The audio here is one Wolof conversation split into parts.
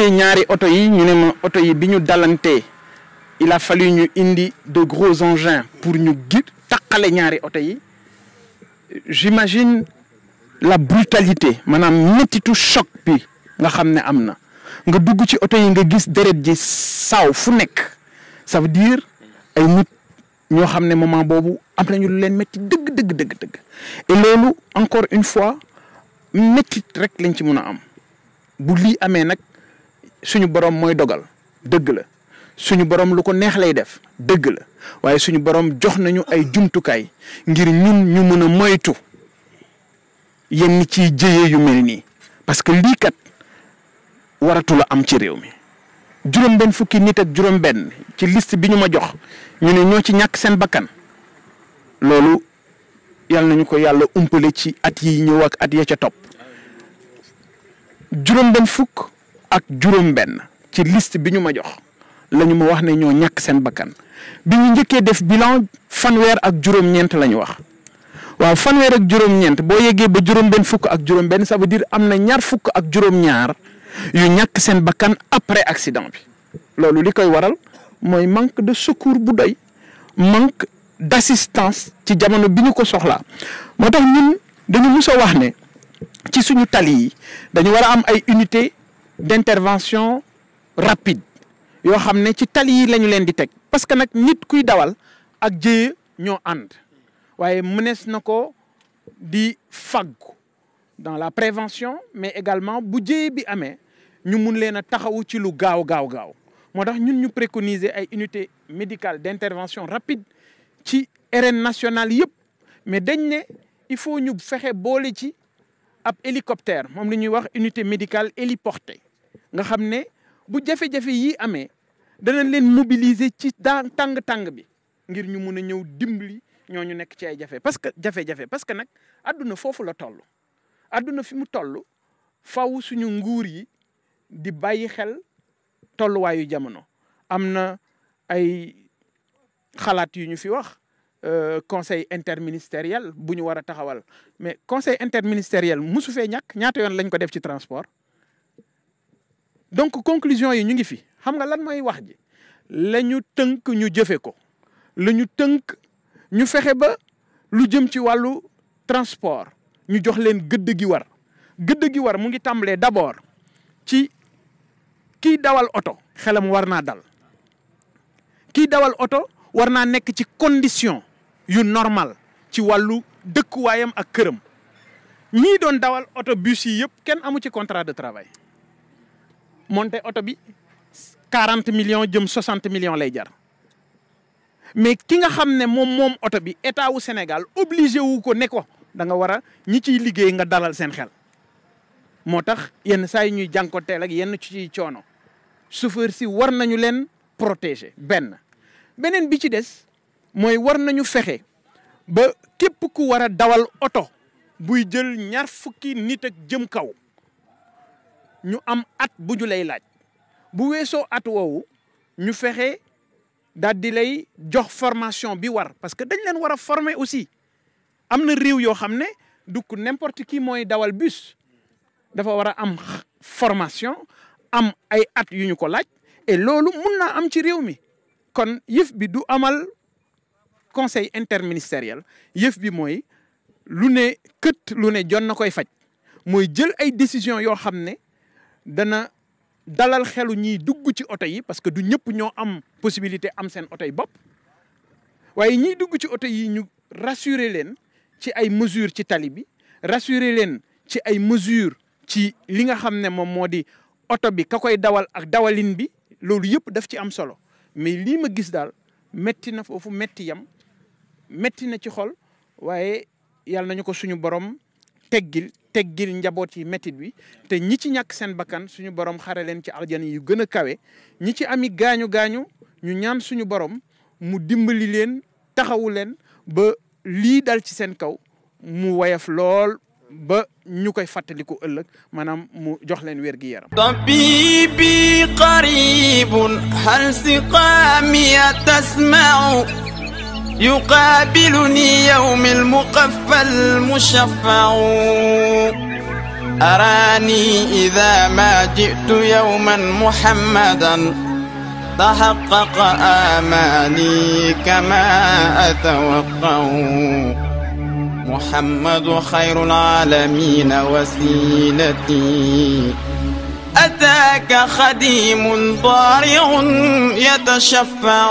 ñaari oto yi ñu ne ma oto yi bi ñu dalantee il a fallu ñu indi de gros engins pour ñu gi taqale ñaari oto yi j'imagine la brutalité maanaam méttitu choc bi nga xam ne am na nga dugg ci oto yi nga gis deret ji saaw fu nekk ça veut dire ay nit ñoo xam ne moment boobu am nañu lu leen métti dëgg dëgg dëgg dëgg et loolu encore une fois méttit rek lañ ci mun a am bu lii amee nag suñu borom mooy dogal dëgg la suñu borom lu ko neex lay def dëgg la waaye suñu borom jox nañu ay jumtukaay ngir ñun ñu mën a moytu yenn ci jëye yu mel nii parce que lii kat waratula am ci réew mi juróom-benn fukki nit ak juróom-benn ci list bi ñu ma jox ñu ne ñoo ci ñàkk seen bakkan loolu yal nañu ko yàlla umpale ci at yi ñëw ak at ya ca topp juróom-benn fukk. ak juróom-benn ci liste bi ñu ma jox lañu ñu ma wax ne ñoo ñàkk seen bakkan bi ñu njëkkee def bilan fanweer ak juróom-ñeent la ñu wax waaw fanweer ak juróom-ñeent boo yeggee ba juróom-benn fukk ak juróom-benn ça veut am na ñaar fukk ak juróom-ñaar yu ñàkk seen bakkan après accident bi loolu li koy waral mooy manque de secours bu doy manque d'assistance ci jamono bi ñu ko soxla moo tax ñun dañu mus wax ne ci suñu tali yi dañu war a am ay unité d'intervention rapide yoo xam ne ci tali yi la leen di teg parce que nag nit kuy dawal ak jéye ñoo ànd waaye mënees na ko di fàggu dans la prévention mais également bu jéye bi amee ñu mun leen a taxawu ci lu gaaw gaaw gaaw moo tax ñun ñu préconiser ay unité médicale d'intervention rapide ci RN nationale yëpp mais dañ ne il faut ñu fexe boole ci ab hélicoptère moom la ñuy wax unité médicale héliportée nga xam ne bu jafe-jafe yi amee danañ leen mobiliser ci daan tàng-tàng bi ngir ñu mun a ñëw ñoo ñu nekk ci ay jafe parce que jafe-jafe parce que nag àdduna foofu la toll àdduna fi mu toll faw suñu nguur yi di bàyyi xel tolluwaayu jamono am na ay xalaat yu ñu fi wax Euh, conseil interministériel bu ñu war a taxawal mais conseil interministériel musu fee ñàkk ñaata yoon lañ ko def ci transport donc conclusion yi ñu ngi fi xam nga lan mooy wax ji la ñu tënk ñu jëfe ko lañu tënk ñu fexe ba lu jëm ci wàllu transport ñu jox leen gëdd gi war gëdd gi war mu ngi tàmbalee d'abord ci kiy dawal oto xelam war naa dal kiy dawal oto war naa nekk ci condition yu normal ci wàllu dëkkuwaayam ak këram ñii doon dawal oto bus yi yëpp kenn amu ci contrat de travail monte oto bi quarante millions jëm soixante millions lay jar mais ki nga xam ne moom moom oto bi état wu Sénégal obligé wu ko ne ko da nga war a ñi ciy liggéey nga dalal seen xel moo tax yenn saa yi ñuy jànkoteel ak yenn ci coono chauffeur si war nañu leen protéger benn beneen bi ci des. mooy war nañu fexe ba képp ku war a dawal oto buy jël ñaar fukki nit ak jëm kaw ñu am at bu ñu lay laaj bu weesoo at woowu ñu fexe daal di lay jox formation bi war parce que dañ leen war a former aussi am na réew yoo xam ne du ku n'importe qui mooy dawal bus dafa war a am formation am ay at yu ñu ko laaj et loolu mun naa am ci réew mi kon yëf bi du amal conseil interministériel yëf bi mooy lu ne kët lu ne jon na koy faj mooy jël ay décision yoo xam ne dana dalal xelu ñiy dugg ci auto yi parce que du ñëpp ñoo am possibilité am seen oto yi bopp waaye ñiy dugg ci oto yi ñu rassurer leen ci ay mesure ci tali bi rassurer leen ci ay mesures ci li nga xam ne moom moo di oto bi ka koy dawal ak dawalin bi loolu yëpp daf ci am solo mais lii ma gis daal metti na foofu metti yam métti na ci xol waaye yàlla nañu ko suñu borom teggil teggil njaboot yi métit bi te ñi ci ñàkk seen bakkan suñu borom xare leen ci aljana yu gën a kawe ñi ci ami gaañu gaañu ñu ñaan suñu borom mu dimbali leen taxawu leen ba lii dal ci seen kaw mu wayaf lool ba ñu koy fàttaliku ëllëg maanaam mu jox leen wér yaram tabibi qaribun hal siqaamiya tasma'u يقابلني يوم المقفى المشفع أراني إذا ما جئت يوما محمدا تحقق آماني كما أتوقع محمد خير العالمين وسيلتي أتاك خديم ضارع يتشفع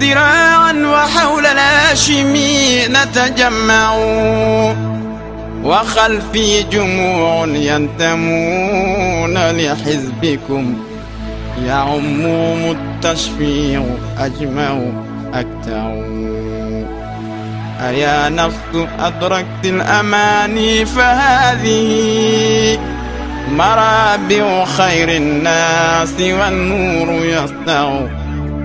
ذراعا وحول الهاشمي نتجمع وخلفي جموع ينتمون لحزبكم يعمهم التشفيع أجمع أكتع أيا نفس أدركت الأماني فهذه مرابع خير الناس والنور يسطع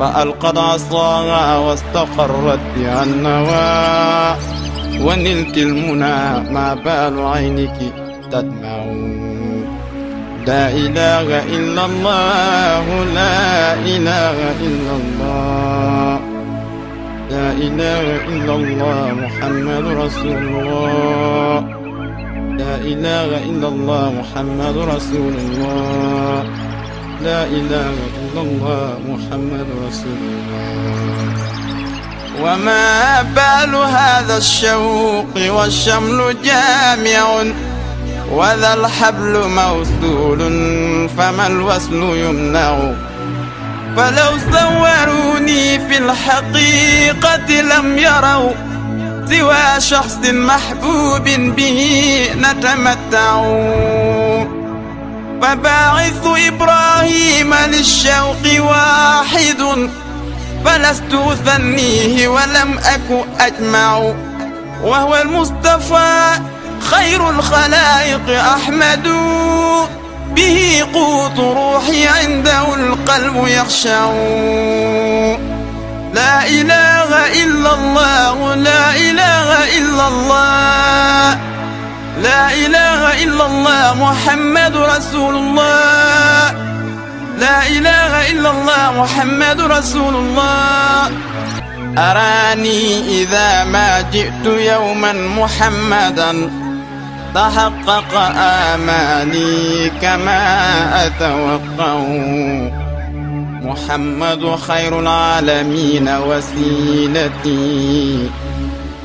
فألقت عصاها واستقرت بها النوى ونلت المنى ما بال عينك تدمع لا إله إلا الله لا إله إلا الله لا إله إلا الله محمد رسول الله لا إله إلا الله محمد رسول الله لا إله إلا الله محمد رسول الله وما بال هذا الشوق والشمل جامع وذا الحبل موصول فما الوصل يمنع فلو صوروني في الحقيقة لم يروا سوى شخص محبوب به نتمتع فباعث إبراهيم للشوق واحد فلست أثنيه ولم أك أجمع وهو المصطفى خير الخلائق أحمد به قوت روحي عنده القلب يخشع لا إله إلا الله لا إله إلا الله لا إله إلا الله محمد رسول الله لا إله إلا الله محمد رسول الله أراني إذا ما جئت يوما محمدا تحقق آماني كما أتوقع محمد خير العالمين وسيلتي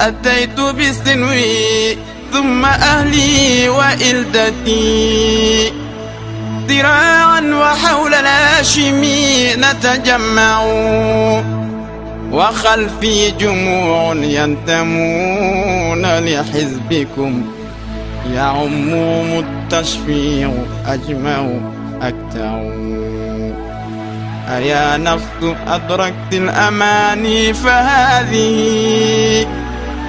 أتيت بسنوي ثم أهلي وإلدتي ذراعا وحول الهاشمي نتجمع وخلفي جموع ينتمون لحزبكم يعمهم التشفيع أجمع أكتعوا أيا نفس أدركت الأماني فهذه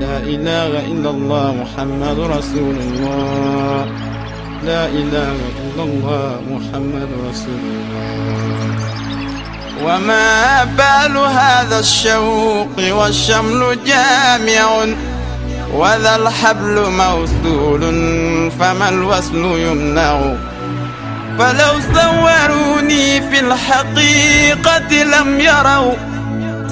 لا إله إلا الله محمد رسول الله لا إله إلا الله محمد رسول الله وما بال هذا الشوق والشمل جامع وذا الحبل موصول فما الوصل يمنع فلو صوروني في الحقيقة لم يروا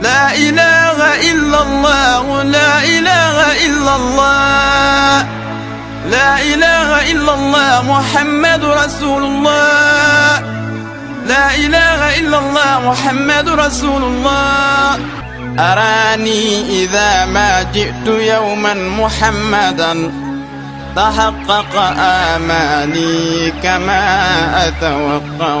لا إله إلا الله لا إله إلا الله لا إله إلا الله محمد رسول الله لا إله إلا الله محمد رسول الله أراني إذا ما جئت يوما محمدا تحقق آماني كما أتوقع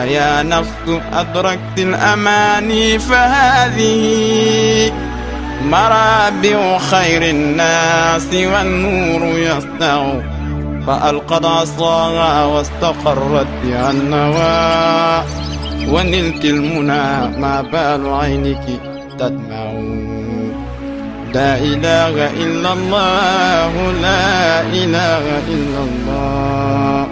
أيا نفس أدركت الأماني فهذه مرابع خير الناس والنور يسطع فألقت عصاها واستقرت بها النوى ونلت المنى ما بال عينك تدمع لا إله إلا الله لا إله إلا الله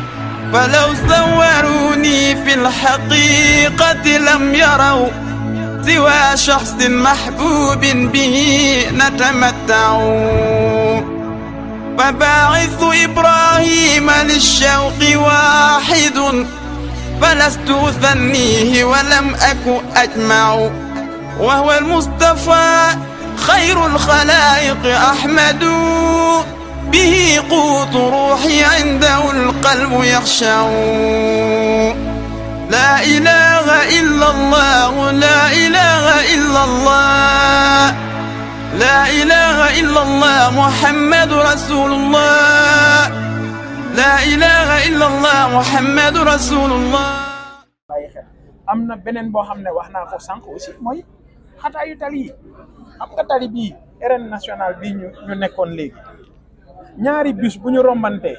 فلو صوروني في الحقيقة لم يروا سوى شخص محبوب به نتمتع فباعث إبراهيم للشوق واحد فلست أثنيه ولم أك أجمع وهو المصطفى خير الخلائق أحمد به قوت روحي عنده القلب يخشع لا إله إلا الله لا إله إلا الله لا إله إلا الله محمد رسول الله لا إله إلا الله محمد رسول الله am na beneen boo xam ne wax naa ko sànq aussi mooy xataayu tali yi xam nga tali bii RN national bi ñu ñu nekkoon léegi ñaari bus bu ñu rombantee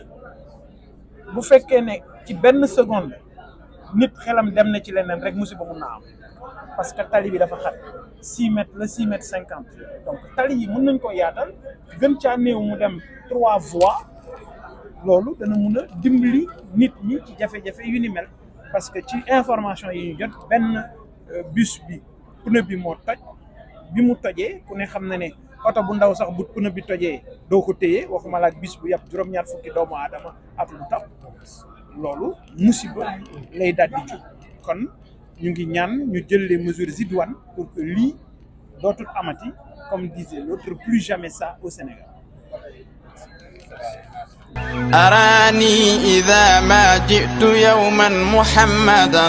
bu fekkee ne ci benn seconde nit xelam dem na ci leneen rek musiba mun na am parce que tali bi dafa xat six mètres la six mètres cinquante donc tali yi mun nañ koo yaatal gën caa néew mu dem trois voies loolu dana mun a dimbali nit ñi ci jafe-jafe yu ni mel parce que ci information yi ñu jot benn euh, bus bi pneu bi moo toj bi mu tojee ku ne xam na ne oto bu ndaw sax bu pneu bi tojee doo ko téye waxuma la ak bis bu yàpp juróom-ñaar fukki doomu aadama ak lu tax loolu musiba lay daal di kon ñu ngi ñaan ñu jël les mesures idoines pour que lii dootul amati comme disait l'autre plus jamais ça au Sénégal أراني إذا ما جئت يوما محمدا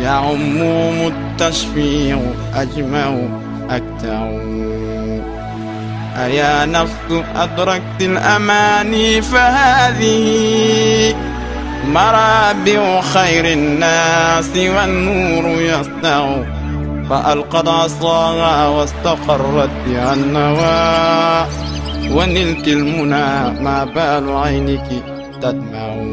يعموم التشفيع أجمع أكتر أيا نفس أدركت الأماني فهذه مرابع خير الناس والنور يسطع فألقد عصاها واستقرت بها النوى ونلت المنى ما بال عينك تدمع